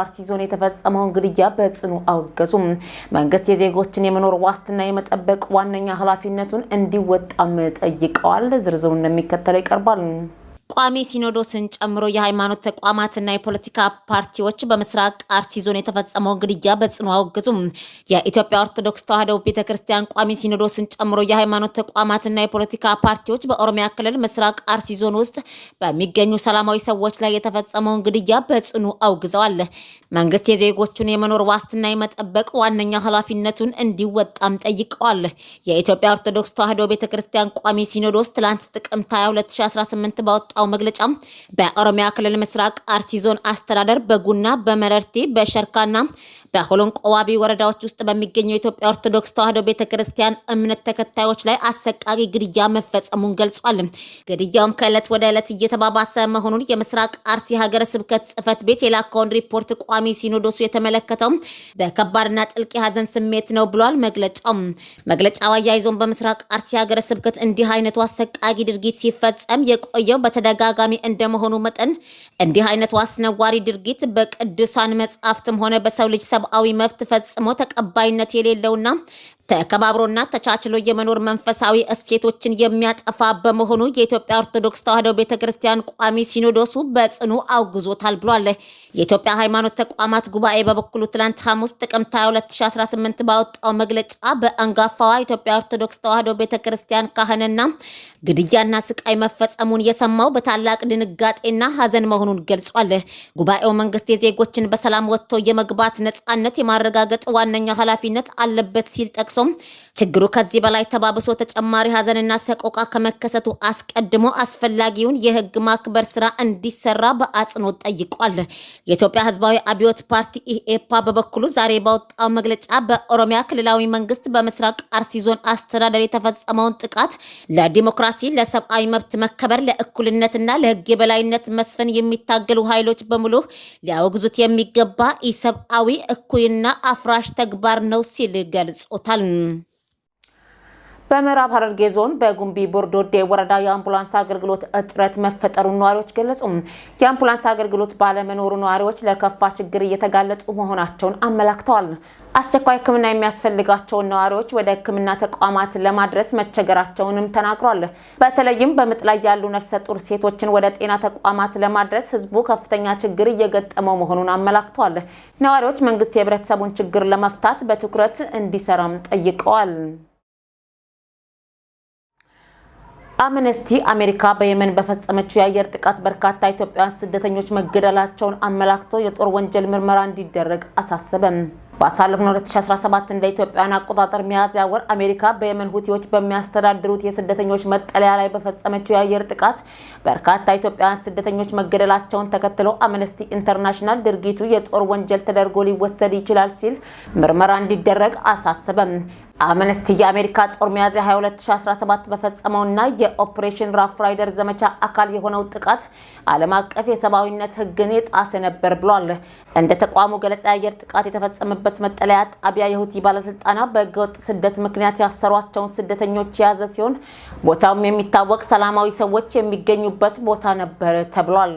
አርሲ ዞን የተፈጸመውን ግድያ በጽኑ አወገዙም። መንግስት የዜጎችን የመኖር ዋስትና የመጠበቅ ዋነኛ ኃላፊነቱን እንዲወጣም ጠይቀዋል። ዝርዝሩ እንደሚከተለው ይቀርባል። ቋሚ ሲኖዶስን ጨምሮ የሃይማኖት ተቋማትና የፖለቲካ ፓርቲዎች በምስራቅ አርሲ ዞን የተፈጸመውን ግድያ በጽኑ አወግዙም። የኢትዮጵያ ኦርቶዶክስ ተዋሕዶ ቤተ ክርስቲያን ቋሚ ሲኖዶስን ጨምሮ የሃይማኖት ተቋማትና የፖለቲካ ፓርቲዎች በኦሮሚያ ክልል ምስራቅ አርሲ ዞን ውስጥ በሚገኙ ሰላማዊ ሰዎች ላይ የተፈጸመውን ግድያ በጽኑ አውግዘዋል። መንግስት የዜጎቹን የመኖር ዋስትና የመጠበቅ ዋነኛ ኃላፊነቱን እንዲወጣም ጠይቀዋል። የኢትዮጵያ ኦርቶዶክስ ተዋሕዶ ቤተ ክርስቲያን ቋሚ ሲኖዶስ ትላንት ጥቅምት 22 2018 ባወጣው ባወጣው መግለጫ በኦሮሚያ ክልል ምስራቅ አርሲ ዞን አስተዳደር በጉና በመረርቲ በሸርካና በሆሎን ቆዋቢ ወረዳዎች ውስጥ በሚገኘው የኢትዮጵያ ኦርቶዶክስ ተዋሕዶ ቤተክርስቲያን እምነት ተከታዮች ላይ አሰቃቂ ግድያ መፈጸሙን ገልጿል። ግድያውም ከዕለት ወደ ዕለት እየተባባሰ መሆኑን የምስራቅ አርሲ ሀገረ ስብከት ጽሕፈት ቤት የላከውን ሪፖርት ቋሚ ሲኖዶሱ የተመለከተው በከባድና ጥልቅ የሀዘን ስሜት ነው ብሏል መግለጫው። መግለጫው አያይዞን በምስራቅ አርሲ ሀገረ ስብከት እንዲህ አይነቱ አሰቃቂ ድርጊት ሲፈጸም የቆየው በተደ ተደጋጋሚ እንደመሆኑ መጠን እንዲህ አይነቱ አስነዋሪ ድርጊት በቅዱሳን መጽሐፍትም ሆነ በሰው ልጅ ሰብአዊ መብት ፈጽሞ ተቀባይነት የሌለውና ተከባብሮና ተቻችሎ የመኖር መንፈሳዊ እሴቶችን የሚያጠፋ በመሆኑ የኢትዮጵያ ኦርቶዶክስ ተዋሕዶ ቤተ ክርስቲያን ቋሚ ሲኖዶሱ በጽኑ አውግዞታል ብሏል። የኢትዮጵያ ሃይማኖት ተቋማት ጉባኤ በበኩሉ ትላንት ሐሙስ ጥቅምት 2018 ባወጣው መግለጫ በአንጋፋዋ ኢትዮጵያ ኦርቶዶክስ ተዋሕዶ ቤተ ክርስቲያን ካህንና ግድያና ስቃይ መፈጸሙን የሰማው በታላቅ ድንጋጤና ሐዘን መሆኑን ገልጿል። ጉባኤው መንግስት የዜጎችን በሰላም ወጥቶ የመግባት ነጻነት የማረጋገጥ ዋነኛ ኃላፊነት አለበት ሲል ጠቅሶ sånn. ችግሩ ከዚህ በላይ ተባብሶ ተጨማሪ ሀዘንና ሰቆቃ ከመከሰቱ አስቀድሞ አስፈላጊውን የህግ ማክበር ስራ እንዲሰራ በአጽንኦት ጠይቋል። የኢትዮጵያ ህዝባዊ አብዮት ፓርቲ ኢኤፓ በበኩሉ ዛሬ ባወጣው መግለጫ በኦሮሚያ ክልላዊ መንግስት በምስራቅ አርሲ ዞን አስተዳደር የተፈጸመውን ጥቃት ለዲሞክራሲ፣ ለሰብአዊ መብት መከበር፣ ለእኩልነትና ለህግ የበላይነት መስፈን የሚታገሉ ኃይሎች በሙሉ ሊያወግዙት የሚገባ ኢሰብአዊ እኩይና አፍራሽ ተግባር ነው ሲል ገልጾታል። በምዕራብ ሐረርጌ ዞን በጉምቢ ቦርዶዴ ወረዳ የአምቡላንስ አገልግሎት እጥረት መፈጠሩን ነዋሪዎች ገለጹ። የአምቡላንስ አገልግሎት ባለመኖሩ ነዋሪዎች ለከፋ ችግር እየተጋለጡ መሆናቸውን አመላክተዋል። አስቸኳይ ሕክምና የሚያስፈልጋቸውን ነዋሪዎች ወደ ሕክምና ተቋማት ለማድረስ መቸገራቸውንም ተናግሯል። በተለይም በምጥ ላይ ያሉ ነፍሰ ጡር ሴቶችን ወደ ጤና ተቋማት ለማድረስ ህዝቡ ከፍተኛ ችግር እየገጠመው መሆኑን አመላክተዋል። ነዋሪዎች መንግስት የህብረተሰቡን ችግር ለመፍታት በትኩረት እንዲሰራም ጠይቀዋል። አምነስቲ አሜሪካ በየመን በፈጸመችው የአየር ጥቃት በርካታ ኢትዮጵያውያን ስደተኞች መገደላቸውን አመላክቶ የጦር ወንጀል ምርመራ እንዲደረግ አሳሰበም። ባሳለፍነው 2017 እንደ ኢትዮጵያውያን አቆጣጠር ሚያዝያ ወር አሜሪካ በየመን ሁቲዎች በሚያስተዳድሩት የስደተኞች መጠለያ ላይ በፈጸመችው የአየር ጥቃት በርካታ ኢትዮጵያውያን ስደተኞች መገደላቸውን ተከትሎ አምነስቲ ኢንተርናሽናል ድርጊቱ የጦር ወንጀል ተደርጎ ሊወሰድ ይችላል ሲል ምርመራ እንዲደረግ አሳሰበም። አምነስቲ የአሜሪካ ጦር ሚያዝያ 22 2017 በፈጸመውና የኦፕሬሽን ራፍ ራይደር ዘመቻ አካል የሆነው ጥቃት ዓለም አቀፍ የሰብአዊነት ሕግን የጣሰ ነበር ብሏል። እንደ ተቋሙ ገለጻ የአየር ጥቃት የተፈጸመበት መጠለያ ጣቢያ የሁቲ ባለስልጣናት በህገወጥ ስደት ምክንያት ያሰሯቸውን ስደተኞች የያዘ ሲሆን ቦታውም የሚታወቅ ሰላማዊ ሰዎች የሚገኙበት ቦታ ነበር ተብሏል።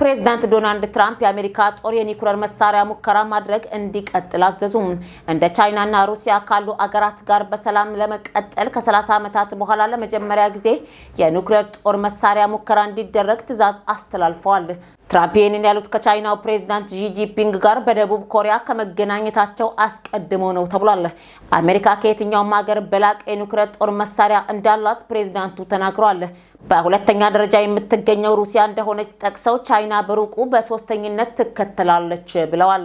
ፕሬዚዳንት ዶናልድ ትራምፕ የአሜሪካ ጦር የኒኩለር መሳሪያ ሙከራ ማድረግ እንዲቀጥል አዘዙም። እንደ ቻይናና ሩሲያ ካሉ አገራት ጋር በሰላም ለመቀጠል ከ30 ዓመታት በኋላ ለመጀመሪያ ጊዜ የኒኩለር ጦር መሳሪያ ሙከራ እንዲደረግ ትዕዛዝ አስተላልፈዋል። ትራምፕ ይህንን ያሉት ከቻይናው ፕሬዚዳንት ዢጂፒንግ ጋር በደቡብ ኮሪያ ከመገናኘታቸው አስቀድሞ ነው ተብሏል። አሜሪካ ከየትኛውም ሀገር በላቀ የኒኩለር ጦር መሳሪያ እንዳላት ፕሬዚዳንቱ ተናግረዋል። በሁለተኛ ደረጃ የምትገኘው ሩሲያ እንደሆነች ጠቅሰው ቻይና በሩቁ በሶስተኝነት ትከተላለች ብለዋል።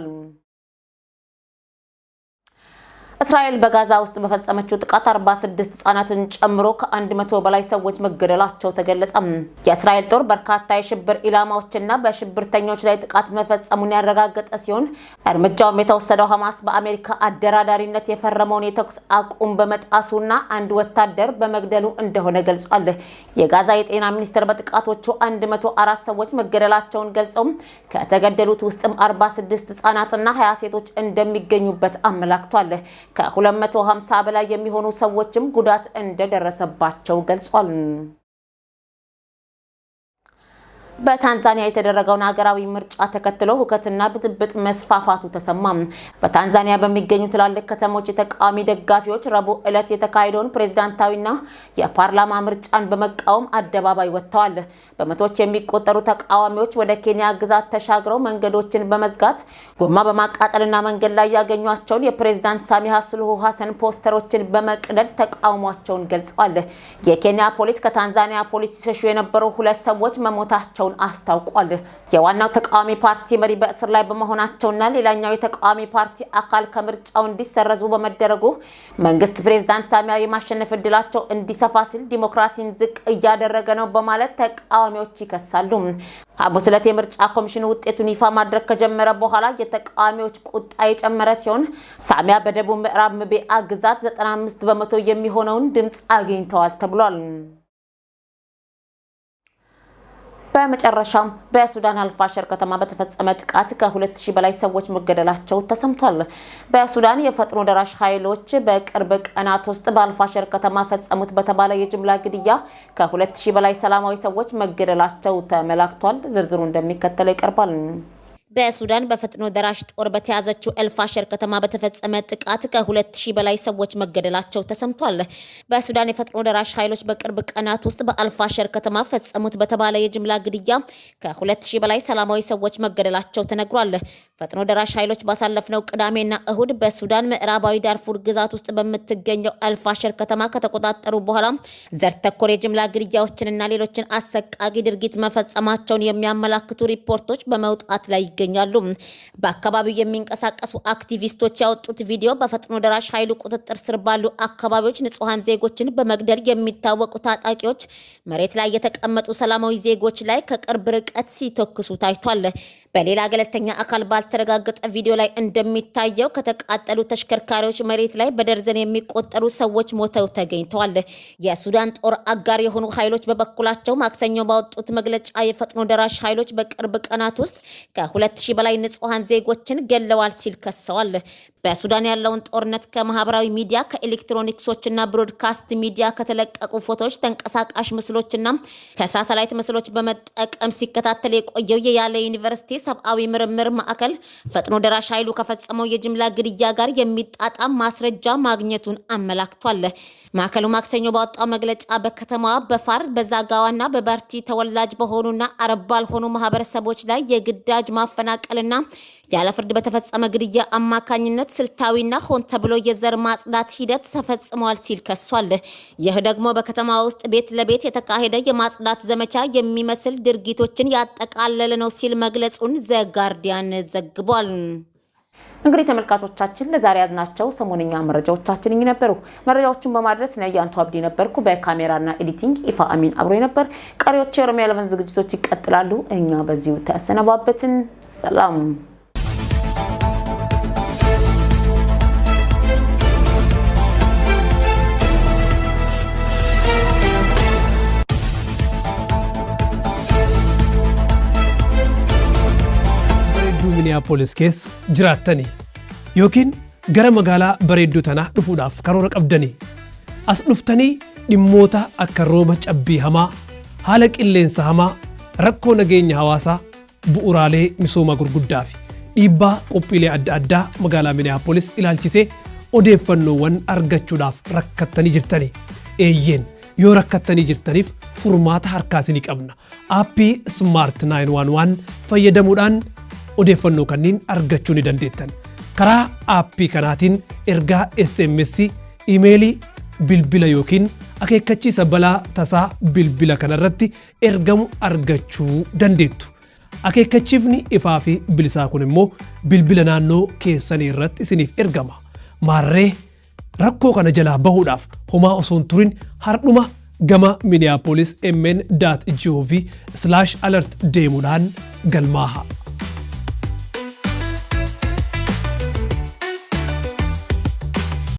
እስራኤል በጋዛ ውስጥ በፈጸመችው ጥቃት 46 ህጻናትን ጨምሮ ከአንድ መቶ በላይ ሰዎች መገደላቸው ተገለጸ። የእስራኤል ጦር በርካታ የሽብር ኢላማዎችና በሽብርተኞች ላይ ጥቃት መፈጸሙን ያረጋገጠ ሲሆን እርምጃውም የተወሰደው ሐማስ በአሜሪካ አደራዳሪነት የፈረመውን የተኩስ አቁም በመጣሱና አንድ ወታደር በመግደሉ እንደሆነ ገልጿል። የጋዛ የጤና ሚኒስቴር በጥቃቶቹ 104 ሰዎች መገደላቸውን ገልጸው ከተገደሉት ውስጥም 46 ህጻናትና 20 ሴቶች እንደሚገኙበት አመላክቷል። ከ250 በላይ የሚሆኑ ሰዎችም ጉዳት እንደደረሰባቸው ገልጿል። በታንዛኒያ የተደረገውን ሀገራዊ ምርጫ ተከትሎ ሁከትና ብጥብጥ መስፋፋቱ ተሰማ። በታንዛኒያ በሚገኙ ትላልቅ ከተሞች የተቃዋሚ ደጋፊዎች ረቡዕ ዕለት የተካሄደውን ፕሬዝዳንታዊና የፓርላማ ምርጫን በመቃወም አደባባይ ወጥተዋል። በመቶች የሚቆጠሩ ተቃዋሚዎች ወደ ኬንያ ግዛት ተሻግረው መንገዶችን በመዝጋት ጎማ በማቃጠልና መንገድ ላይ ያገኟቸውን የፕሬዝዳንት ሳሚሃ ስሉሁ ሀሰን ፖስተሮችን በመቅደድ ተቃውሟቸውን ገልጸዋል። የኬንያ ፖሊስ ከታንዛኒያ ፖሊስ ሲሸሹ የነበሩ ሁለት ሰዎች መሞታቸው መሆናቸውን አስታውቋል። የዋናው ተቃዋሚ ፓርቲ መሪ በእስር ላይ በመሆናቸውና ሌላኛው የተቃዋሚ ፓርቲ አካል ከምርጫው እንዲሰረዙ በመደረጉ መንግስት ፕሬዝዳንት ሳሚያ የማሸነፍ እድላቸው እንዲሰፋ ሲል ዲሞክራሲን ዝቅ እያደረገ ነው በማለት ተቃዋሚዎች ይከሳሉ። ሐሙስ ዕለት የምርጫ ኮሚሽን ውጤቱን ይፋ ማድረግ ከጀመረ በኋላ የተቃዋሚዎች ቁጣ የጨመረ ሲሆን ሳሚያ በደቡብ ምዕራብ ምቤአ ግዛት 95 በመቶ የሚሆነውን ድምፅ አግኝተዋል ተብሏል። በመጨረሻም በሱዳን አልፋሸር ከተማ በተፈጸመ ጥቃት ከሁለት 2000 በላይ ሰዎች መገደላቸው ተሰምቷል። በሱዳን የፈጥኖ ደራሽ ኃይሎች በቅርብ ቀናት ውስጥ በአልፋሸር ከተማ ፈጸሙት በተባለ የጅምላ ግድያ ከሁለት 2000 በላይ ሰላማዊ ሰዎች መገደላቸው ተመላክቷል። ዝርዝሩ እንደሚከተለው ይቀርባል። በሱዳን በፈጥኖ ደራሽ ጦር በተያዘችው ኤልፋሸር ከተማ በተፈጸመ ጥቃት ከ2000 በላይ ሰዎች መገደላቸው ተሰምቷል። በሱዳን የፈጥኖ ደራሽ ኃይሎች በቅርብ ቀናት ውስጥ በአልፋሸር ከተማ ፈጸሙት በተባለ የጅምላ ግድያ ከ2000 በላይ ሰላማዊ ሰዎች መገደላቸው ተነግሯል። ፈጥኖ ደራሽ ኃይሎች ባሳለፍነው ቅዳሜና እሁድ በሱዳን ምዕራባዊ ዳርፉር ግዛት ውስጥ በምትገኘው አልፋሸር ከተማ ከተቆጣጠሩ በኋላ ዘር ተኮር የጅምላ ግድያዎችንና ሌሎችን አሰቃቂ ድርጊት መፈጸማቸውን የሚያመላክቱ ሪፖርቶች በመውጣት ላይ ይገኛሉ። በአካባቢው የሚንቀሳቀሱ አክቲቪስቶች ያወጡት ቪዲዮ በፈጥኖ ደራሽ ኃይሉ ቁጥጥር ስር ባሉ አካባቢዎች ንጹሐን ዜጎችን በመግደል የሚታወቁ ታጣቂዎች መሬት ላይ የተቀመጡ ሰላማዊ ዜጎች ላይ ከቅርብ ርቀት ሲተኩሱ ታይቷል። በሌላ ገለልተኛ አካል ባል ባልተረጋገጠ ቪዲዮ ላይ እንደሚታየው ከተቃጠሉ ተሽከርካሪዎች መሬት ላይ በደርዘን የሚቆጠሩ ሰዎች ሞተው ተገኝተዋል። የሱዳን ጦር አጋር የሆኑ ኃይሎች በበኩላቸው ማክሰኞ ባወጡት መግለጫ የፈጥኖ ደራሽ ኃይሎች በቅርብ ቀናት ውስጥ ከ2 በላይ ንጹሐን ዜጎችን ገለዋል ሲል ከሰዋል። በሱዳን ያለውን ጦርነት ከማህበራዊ ሚዲያ ከኤሌክትሮኒክሶችና ብሮድካስት ሚዲያ ከተለቀቁ ፎቶዎች፣ ተንቀሳቃሽ ምስሎችና ከሳተላይት ምስሎች በመጠቀም ሲከታተል የቆየው የያለ ዩኒቨርሲቲ ሰብአዊ ምርምር ማዕከል ፈጥኖ ደራሽ ኃይሉ ከፈጸመው የጅምላ ግድያ ጋር የሚጣጣም ማስረጃ ማግኘቱን አመላክቷል። ማዕከሉ ማክሰኞ ባወጣው መግለጫ በከተማዋ በፋር በዛጋዋና በባርቲ ተወላጅ በሆኑና አረብ ባልሆኑ ማህበረሰቦች ላይ የግዳጅ ማፈናቀልና ያለ ፍርድ በተፈጸመ ግድያ አማካኝነት ስልታዊና ሆን ተብሎ የዘር ማጽዳት ሂደት ተፈጽሟል ሲል ከሷል። ይህ ደግሞ በከተማ ውስጥ ቤት ለቤት የተካሄደ የማጽዳት ዘመቻ የሚመስል ድርጊቶችን ያጠቃለለ ነው ሲል መግለጹን ዘጋርዲያን ዘግቧል። እንግዲህ ተመልካቾቻችን ለዛሬ ያዝናቸው ሰሞንኛ መረጃዎቻችን እኚህ ነበሩ። መረጃዎቹን በማድረስ ነያንቱ አብዲ ነበርኩ። በካሜራና ኤዲቲንግ ኢፋ አሚን አብሮ ነበር። ቀሪዎቹ የኦሮሚያ ለቨን ዝግጅቶች ይቀጥላሉ። እኛ በዚሁ ተሰነባበትን። ሰላም keessa jiraattanii yookiin gara magaalaa bareedduu tanaa dhufuudhaaf karoora qabdanii as dhuftanii dhimmoota akka rooba cabbii hamaa haala qilleensa hamaa rakkoo nageenya hawaasaa bu'uraalee misoomaa gurguddaa fi dhiibbaa qophiilee adda addaa magaalaa miniyaapolis ilaalchisee odeeffannoowwan argachuudhaaf rakkattanii jirtanii eeyyeen yoo rakkattanii jirtaniif furmaata harkaa isinii qabna aappii smaart waan fayyadamuudhaan odeeffannoo kanniin argachuu ni dandeettan. Karaa aappii kanaatiin ergaa SMS, imeeli bilbila yookiin akeekkachiisa balaa tasaa bilbila kanarratti ergamu argachuu dandeettu. Akeekkachiifni ifaa fi bilisaa kun immoo bilbila naannoo keessanii irratti isiniif ergama. Maarree rakkoo kana jalaa bahuudhaaf homaa osoon turin hardhuma gama miniyaapolis mn gov alert deemuudhaan galmaa haa.